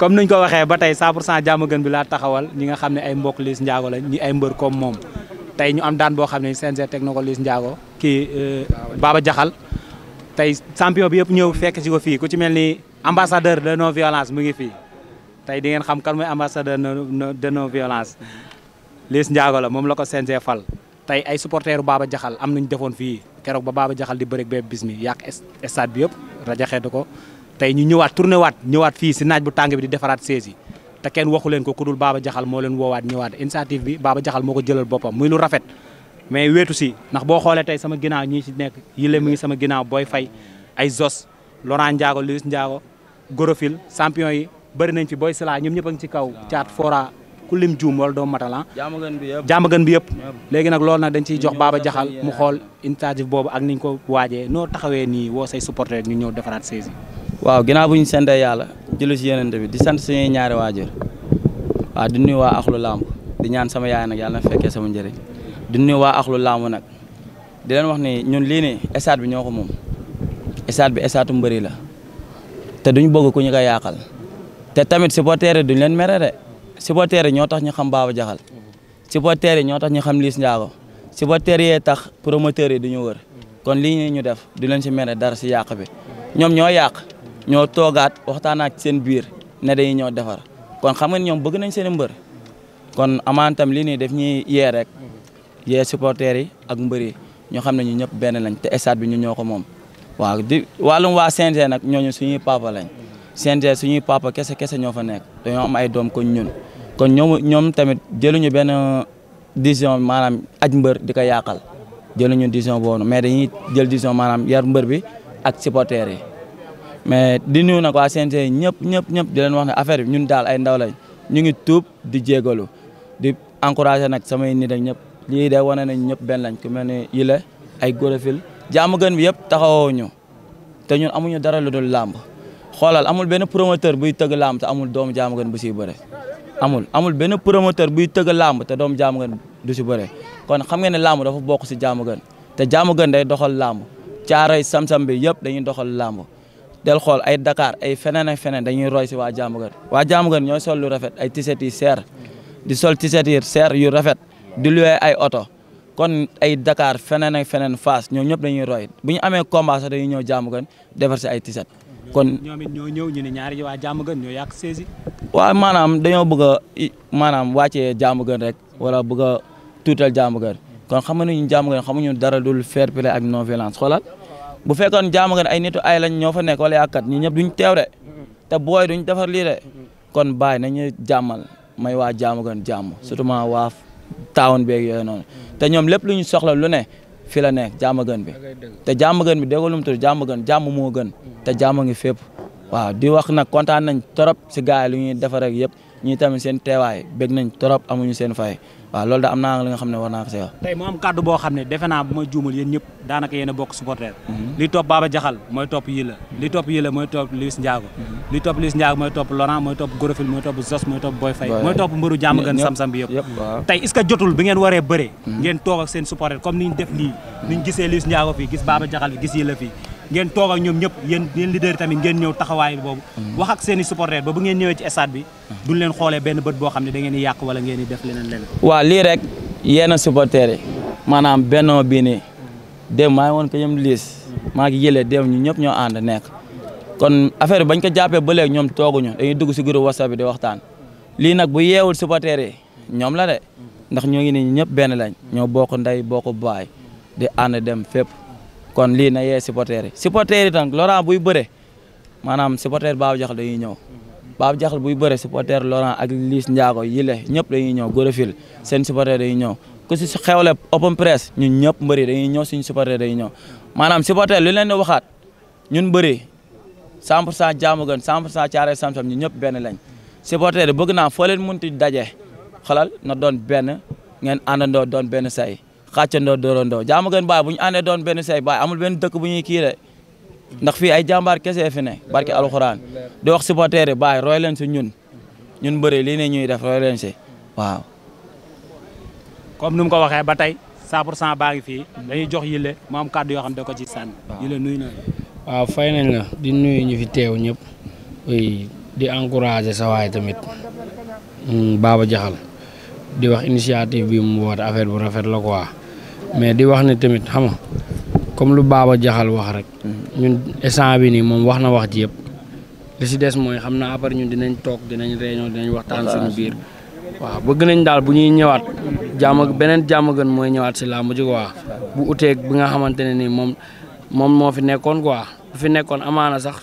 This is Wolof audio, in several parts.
comme nuñ ko waxee ba tey 100 pour cent gën bi laa taxawal ñi nga xam ne ay mbokk Liss Ndiago la ñi ay mbër moom tey ñu am daan boo xam ne CNG teg na ko Liss Ndiago kii euh, Baba Jaxal tey champion bi yëpp ñëw fekk ci ko fii ku ci mel ni ambassadeur de non violence mu ngi fii tey di ngeen xam kan mooy ambassadeur de no violence Liss Ndiago la moom la ko CNG fal tey ay supporteru Baba Jaxal am nañ defoon fii keroog ba Baba Jaxal di bëreeg bépp bis mi yàq stade bi yëpp rajaxeetu ko tey ñu ñëwaat tourné waat ñëwaat fii si naaj bu tàng bi di defaraat sees te kenn waxu leen ko ku dul Baba Diakhal moo leen woowaat ñëwaat initiative bi Baba Diakhal moo ko jëlal boppam muy lu rafet mais weetu si ndax boo xoolee tey sama ginnaaw ñii ci nekk yile mi ngi sama ginnaaw booy fay ay Zos Laurent Ndiago Luis Ndiago Gorofil champion yi bëri nañ fi booy Sila ñoom ñëpp a ci kaw caat fora ku lim juum wala doomu matalan ah. jaamagan bi yëpp léegi nag loolu nag dañ ciy jox Baba Diakhal mu xool initiative boobu ak niñ ko waajee noo taxawee nii woo say supporter ñu ñëw defaraat saisi waaw ginnaaw bu ñu sante yàlla jëlu si yeneen bi di sant suñuy ñaari waajur waaw di nuyu waa axlu làmb di ñaan sama yaay nag yàlla na fekkee sama njëriñ di nuyu waa axlu làmb nag di leen wax ni ñun lii nii stade bi ñoo ko moom stade bi stade mbëri la te duñ bëgg ku ñu ko yàqal te tamit supporters yi duñ leen mere de supporters yi ñoo tax ñu xam Baba Jaxal supporters yi ñoo tax ñu xam Liss Ndiago supporters yee tax promoteurs yi duñu wër kon lii ñu def du leen si mere dara si yàq bi ñoom ñoo yàq ñoo toogaat waxtaan ak seen biir ne dañuy ñëw defar kon xam nga ñoom bëgg nañ seen mbër kon amaan tam lii nii def ñuy yee rek yee supporters yi ak mbër yi ñoo xam ne ñu ñëpp benn lañ te stade bi ñu ñoo ko moom waaw di wàllum waa CNG nag ñooñu suñuy papa lañ CNG suñuy papa kese kese ñoo fa nekk dañoo ay doom ko ñun kon ñoom ñoom tamit ñu benn décision maanaam aj mbër di ko yàqal jëluñu décision boobu mais dañuy jël décision maanaam yar mbër bi ak supporters yi mais di nuyu nag waa CNG ñëpp ñëpp ñëpp di leen wax ne affaire bi ñun daal ay ndaw lañ ñu ngi tuub di jégalu di encouragé nag samay nit ak ñëpp lii day wane nañ ñëpp benn lañ ku mel ne yile ay góorafil jaamu gën bi yëpp taxawoo ñu te ñun amuñu dara lu dul làmb xoolal amul benn promoteur buy tëgg làmb te amul doomu jaamu gën bu siy bëre amul amul benn promoteur buy tëgg làmb te doomu jaamu du si bëre kon xam nga ne làmb dafa bokk si jaamu gën te jaamu gën day doxal làmb caaray samsam bi yëpp dañuy doxal làmb del xool ay Dakar ay feneen ak feneen dañuy roy si waa Diamaguène waa Diamaguène ñooy sol lu rafet ay tiset yi seer di sol tiset yi seer yu rafet di luwee ay oto kon ay Dakar feneen ak feneen Fass ñoo ñëpp dañuy roy bu ñu amee combat sax dañuy ñëw Diamaguène defar si ay tiset kon ñoom it ñoo ñëw ñu ne ñaari waa Diamaguène ñoo yàq saisi waaw maanaam dañoo bëgg a maanaam wàccee Diamaguène rek wala bëgg a tuutal Diamaguène kon xamuñu Diamaguène xamuñu dara dul fair play ak non violence xoolal bu fekkoon jaamu ngeen ay nitu ay lañ ñoo fa nekk wala ni ñi ñëpp duñ teew de te booy duñ defar lii de kon bàyyi nañu jàmmal may waa jaamu ngeen jàmm surtout ma waa taawon beeg yooyu noonu te ñoom lépp lu ñu soxla lu ne fi la nekk jaamu ngeen bi te jaamu ngeen bi déggoo lu mu tudd jaamu moo gën te jaamu ngi fépp waaw di wax nag kontaan nañ trop si gars yi lu ñuy defar ak yëpp. ñii tamit seen teewaay beg nañ trop amuñu seen fay waaw loolu da am naa li nga xam ne war naa ko see tey mu am boo xam ne defe naa bu ma juumal yéen ñëp daanaka yéen bokk supporter mhm. li topp Baba Jaxal mooy topp yi la li topp yi la mooy topp Luis Ndiago mhm. li topp Luis Ndiago mooy topp Laurent mooy topp Gorofil mooy topp Zos mooy topp Boy Faye mooy topp mbëru jàmm gën sam bi yëpp tey est jotul bi ngeen waree bëre mhm. ngeen toog seen supporter comme niñ gis Baba Jaxal fi gis la fii ngeen toog ak ñoom ñëpp yéen yéen leader tamit ngeen ñëw taxawaay boobu mm-hmm. wax ak seen i supporters ba bu ngeen ñëwee ci stade bi mm-hmm. duñ leen xoolee benn bët boo xam ne da ngeen di yàq wala ngeen di def leneen leneen rek yéen a maanaam bennoo bii nii démb woon ko ñoom liis mm-hmm. maa ngi yëlee démb ñu ñëpp ñoo ànd nekk kon affaire bañ ko jàppee ba léegi ñoom tooguñu dañuy dugg si groupe whatsapp bi di waxtaan lii nag bu yeewul supporters yi ñoom la de ndax ñoo ngi ne ñëpp benn lañ ñoo bokk ndey bokk baay di ànd dem fépp kon lii na yee supporters yi supporters yi tam Laurent buy bëre maanaam supporter Babou Diakhal dañuy ñëw Babou Diakhal buy bëre supporter Laurent ak Liss Ndiago yile ñëpp dañuy ñëw Gorofil seen supporter dañuy ñëw ku si xewle open press ñun ñëpp mbëri dañuy ñëw suñu supporter dañuy ñëw maanaam supporter lu leen di waxaat ñun bëri 100 pour cent jaamu gën 100 pour cent caare sam-sam ñun ñëpp benn lañ supporter yi bëgg naa foo leen munti daje xalal na doon benn ngeen àndandoo doon benn say xàccandoo dóorandoo jaamu gën baay bu ñu àndee doon benn say baay amul benn dëkk bu ñuy kii ndax fii ay jàmbaar kese fi ne alxuraan di wax supporter yi baay roy leen si ñun ñun bëri lii ne ñuy def roy leen ko waxee ba tey 100 pour baa ngi fii dañuy jox yile mu am kàddu yoo xam da ko ci sànni. yile nuyu na waaw fay nañ la di nuy ñu fi teew ñëpp di encourager sa tamit mm, Baba Diakhal di wax initiative bi mu woote affaire bu rafet la quoi. mais di wax ne tamit xam comme lu baaba jaxal wax rek. ñun instant bi nii moom wax na wax ji yëpp. li si des mooy xam naa après ñun dinañ toog dinañ réunion dinañ waxtaan suñu biir. waaw bëgg nañ daal bu ñuy ñëwaat jàmm beneen jàmm gën mooy ñëwaat si làmb ji quoi bu uteeg bi nga xamante ne nii moom moom moo fi nekkoon quoi bu fi nekkoon amaana sax.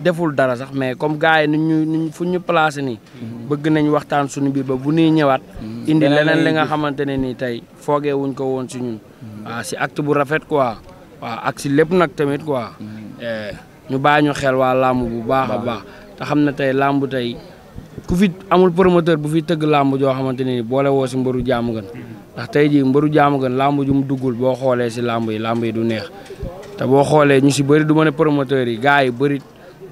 deful dara sax mais comme gars yi ñu ñu fu ñu placé nii. Mhm. bëgg nañ waxtaan suñu bi ba bu nuy ñëwaat. Mhm. indi leneen li nga xamante ne nii tey foogee wuñ ko woon si ñun. Mhm. si acte bu rafet quoi waaw ak si lépp nag tamit quoi. Eh, ñu baa ñu xel waa làmb bu baax a baax. te xam na tey làmb tey ku fi amul promoteur bu fi tëgg làmb joo xamante ni nii boole woo si mbaru jaamu gën. ndax tey jii mbaru jaamu gën làmb ju mu duggul boo xoolee si làmb yi làmb yi du neex te boo xoolee ñu si bëri du ma ne yi gars yi bëri.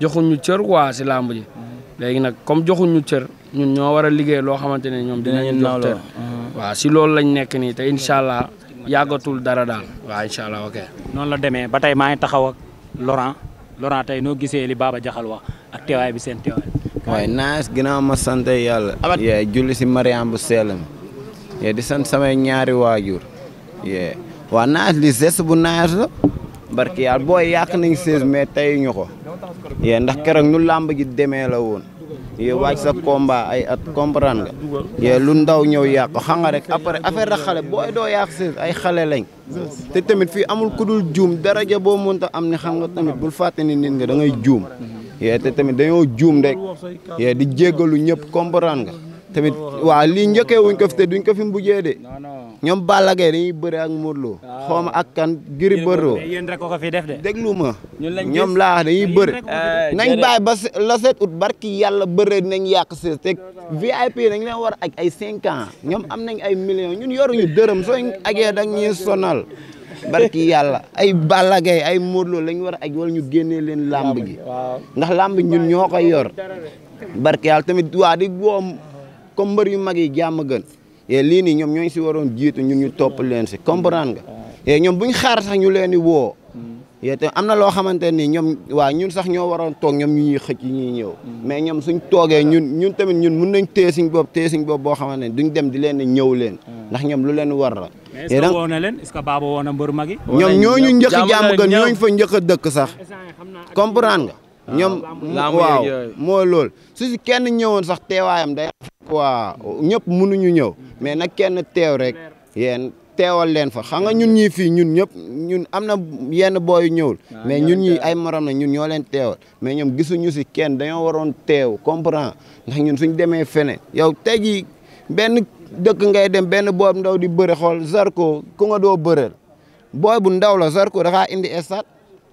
joxuñ ñu cër waa si làmb ji mm-hmm. léegi nag comme joxuñ ñu ñun ñoo war a liggéey loo xamante ne ñoom dinañu jox cër uh-huh. waaw si loolu lañ nekk nii te incha allah yàggatul dara daal waa incha allah ok noonu la demee ba tey maa ngi taxaw ak Laurent Laurent tey noo gisee li Baba Jaxal wax ak teewaay bi seen teewaay waaye naas ginnaaw ma sant yàlla yee julli si Mariam bu seelam yee di sant samay ñaari waajur yee waa naas li geste bu naas la barki yàlla booy yàq nañ sees mais tey ñu ko yee ndax keroog nu làmb ji demee la woon yee waaj sa combat ay at comprendre nga yee lu ndaw ñëw yàq xam rek après affaire da boo booy doo yàq sees ay xale te tamit fii amul ku dul juum daraja boo mënta am ne xam nga tamit bul fàtte ni nit nga da ngay juum yee te tamit dañoo juum rek yee di jéggalu ñëpp comprendre tamit waaw lii njëkkee wuñ ko te duñ ko fi de ñoom Balla Gaye dañuy bëri ak Modou Lo. waaw ah. ak kan Gris Bordeaux. yéen rek ko ko fi def de. ñoom laa dañuy ah, bëri. Ah, nañ bàyyi ba la sept août barki yàlla bëree nañ yàq si te VIP dañ leen war ak ay cinq ans ñoom am nañ ay millions ñun yoruñu dërëm sooñ agee da ñuy sonal. barki yàlla ay Balla ay Modou Lo lañ war ak aj ñu génnee leen làmb ji ndax làmb ñun ñoo koy yor barki yàlla tamit waa di woom comme mbër yu mag yi jàmm gën et lii nii ñoom ñooñu si waroon jiitu ñun ñu topp leen si comprendre nga. et ñoom bu ñu xaar sax ñu leen di woo. Mm. et te am na loo xamante ni ñoom waa ñun sax ñoo waroon toog ñoom ñu ñuy xëcc ñuy ñëw. Mm. mais ñoom suñ toogee ñun ñun tamit ñun mun nañ téye suñ bopp téye suñ bopp boo xamante ne duñ dem di leen ne ñëw leen. Mm. ndax ñoom lu leen war la. mais est na leen est-ce que Baba woo na mbër mag yi. ñoom ñooñu njëkk jàmm gën ñooñu fa njëkk a dëkk sax comprendre ga ah. ñoom waaw moo lool su si kenn ñëwoon sax teewaayam da waa ñëpp mënuñu ñëw mais nag kenn teew rek yéen teewal leen fa xam nga ñun ñii fii ñun ñëpp ñun am na yenn booy ñëwul ah, mais ñun ñi ay morom na ñun ñoo leen teewal mais ñoom gisuñu si kenn dañoo waroon teew comprendre ndax ñun suñ demee fene yow tey jii benn dëkk ngay dem benn boobu ndaw di bëre xool Zarko ku nga doo bëreel booy bu ndaw la Zarko dafaa indi estat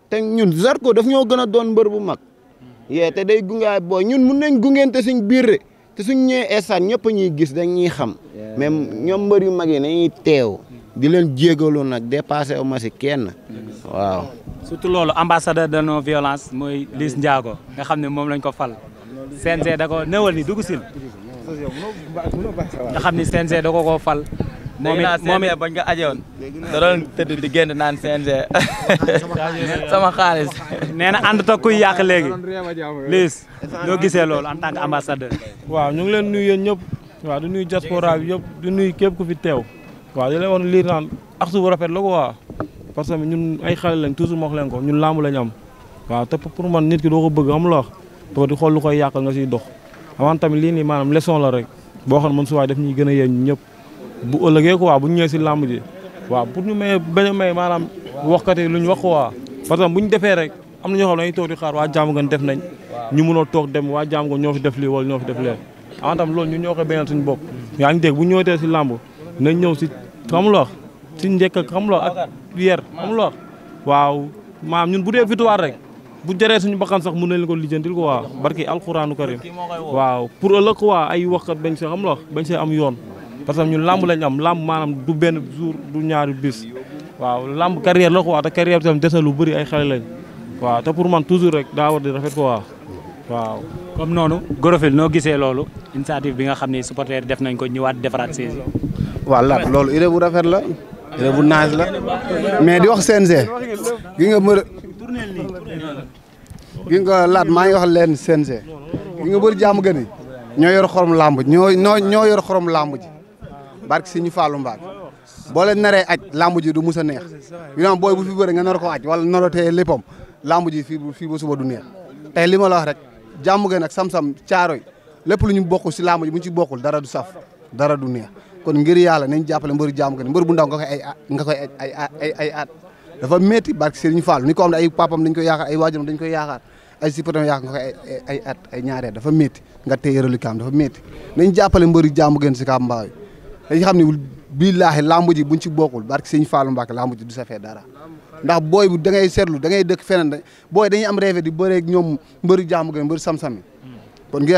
te ñun Zarko daf ñoo gën a doon mbër bu mag hmm. yee te day gungaay booy ñun mun nañ gungeente suñ biir te suñ ñëwee instant ñëpp ñuy gis dañuy xam mais ñoom mbër yu mag yi nañuy teew di leen jégalu nag dépassé wu ma si kenn waaw. surtout loolu ambassadeur de non violence mooy Liss njaago nga xam ne moom lañ ko fal CNG da ko néewal ni dugg nga xam ni CNG da ko fal. moom it moom it bañ nga ajewoon da doon tëdd di génn naan CNG ah, sama xaalis nee na ànd ta kuy yàq léegi Liss ñoo gisee loolu en tant que ambassadeur ñu ngi leen nuyu yéen ñëpp waaw di nuyu diaspora bi yëpp di nuyu képp ku fi teew waaw di leen wax lii naan ak subu rafet la ko waa parce que ñun ay xale lañ toujours moox leen ko ñun làmb lañ am waaw te pour man nit ki doo ko bëgg am la wax doo di ko lu koy yàqal nga siy dox avant tamit lii nii maanaam leçon la rek boo xam ne man suwaay def ñuy gën a ñëpp bu ëllëgee quoi bu ñu ñëwee si làmb ji waaw pour ñu may bañ a may maanaam waxkat yi lu ñu wax quoi parce que bu ñu defee rek am na ñoo xam ne dañuy toog di xaar waa jàmm gan def nañ ñu mënoo toog dem waa jàmm gan ñoo fi def lii wala ñoo fi lee en tam loolu ñun ñoo koy bañal suñu bopp yaa ngi dégg bu ñëwetee si làmb nañ ñëw si xamul wax si njëkk ak xamul wax ak yer xamul wax waaw maam ñun bu dee victoire rek bu jëree suñu bakkan sax na mën nañ ko lijjantil quoi barki alxuraanu karim waaw pour ëllëg quoi ay waxkat bañ see xam wax bañ see am yoon parce que ñun làmb lañu am làmb maanaam du benn jour du ñaari bis waaw làmb carrière la quoi te carrière bi tam des lu bëri ay xale lañ waaw te pour man toujours rek daa war di rafet quoi waaw. comme noonu Gora File noo gisee loolu initiative bi nga xam ne supporter def nañ ko ñëwaat defaraat saisi. waaw laat loolu bu rafet la idée bu naaj la mais di wax CNG gi nga mër gi nga laat maa ngi wax leen CNG gi nga bëri jàmm gën ñoo yor xorom làmb ñoo yor xorom làmb ji. barke si ñu Fallou Mbacke boo leen naree aj lamb ji du mus a neex yu booy bu fi bëre nga nar ko aj wala narotee léppam lamb ji fii fii ba suba du neex te li ma la wax rek jàmm gën ak sam-sam caaroy lépp lu ñu bokk si lamb ji bu ci bokkul dara du saf dara du neex kon ngir yàlla nañ jàppale mbëru jàmm gën mbëru bu ndaw nga koy ay nga koy ay ay ay at dafa métti ni ko am ne ay papam dañ koy yaakaar ay dañ koy yaakaar ay supportam yaakaar nga koy ay at ay ñaaree dafa métti nga téye reliquat dafa métti nañ jàppale mbëru jàmm gën si Kàmbaaw dañuy xam ne billaahi lamb ji buñ ci bokkul booy bu da ngay seetlu da ngay dëkk feneen booy dañuy am rêve di bëreeg ñoom mbëri jaamu gën mbëri sam-sam yi kon ngi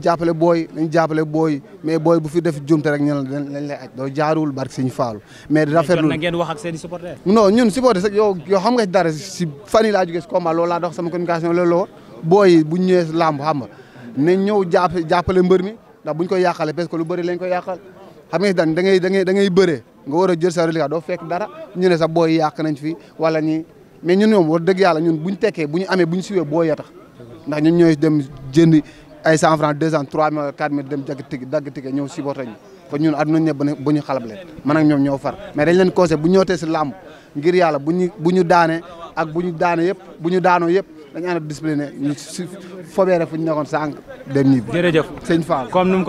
jàppale booy nañ jàppale booy booy bu fi def jumte rek ñu ne lañ lay aj doo jaaruwul barke sëñ Fallou mais rafetlu na ngeen wax ak seen supporter non ñun supporter sax yow yow xam nga dara si fan yi laa jógee si combat loolu laa dox sama communication loolu la woon booy buñ ñëwee lamb xam nga nañ ñëw mbër mi ndax buñ koy yàqale parce que lu bëri lañ koy yàqal xam nga si da ngay da ngay da ngay bëree nga war a jël sa reliquat doo fekk dara ñu ne sa booy yàq fi wala ñi mais ñun ñoom war dëgg yàlla ñun buñ tekkee bu ñu amee bu ñu siwee booy ya tax ndax ñun ñooy dem jënd ay cent francs deux cent trois mille quatre mille dem jagg tigi dagg tigi ñëw siboota ñu kon ñun aduna ñëpp bu ñu xalab leen man ak ñoom ñoo far mais dañ leen conseil bu ñëwtee si làmb ngir yàlla bu ñu bu ñu daane ak bu ñu daane yëpp bu ñu daanoo yëpp dañu ànd discipliné ñu si fobeere fu ñu nekkoon sànq dem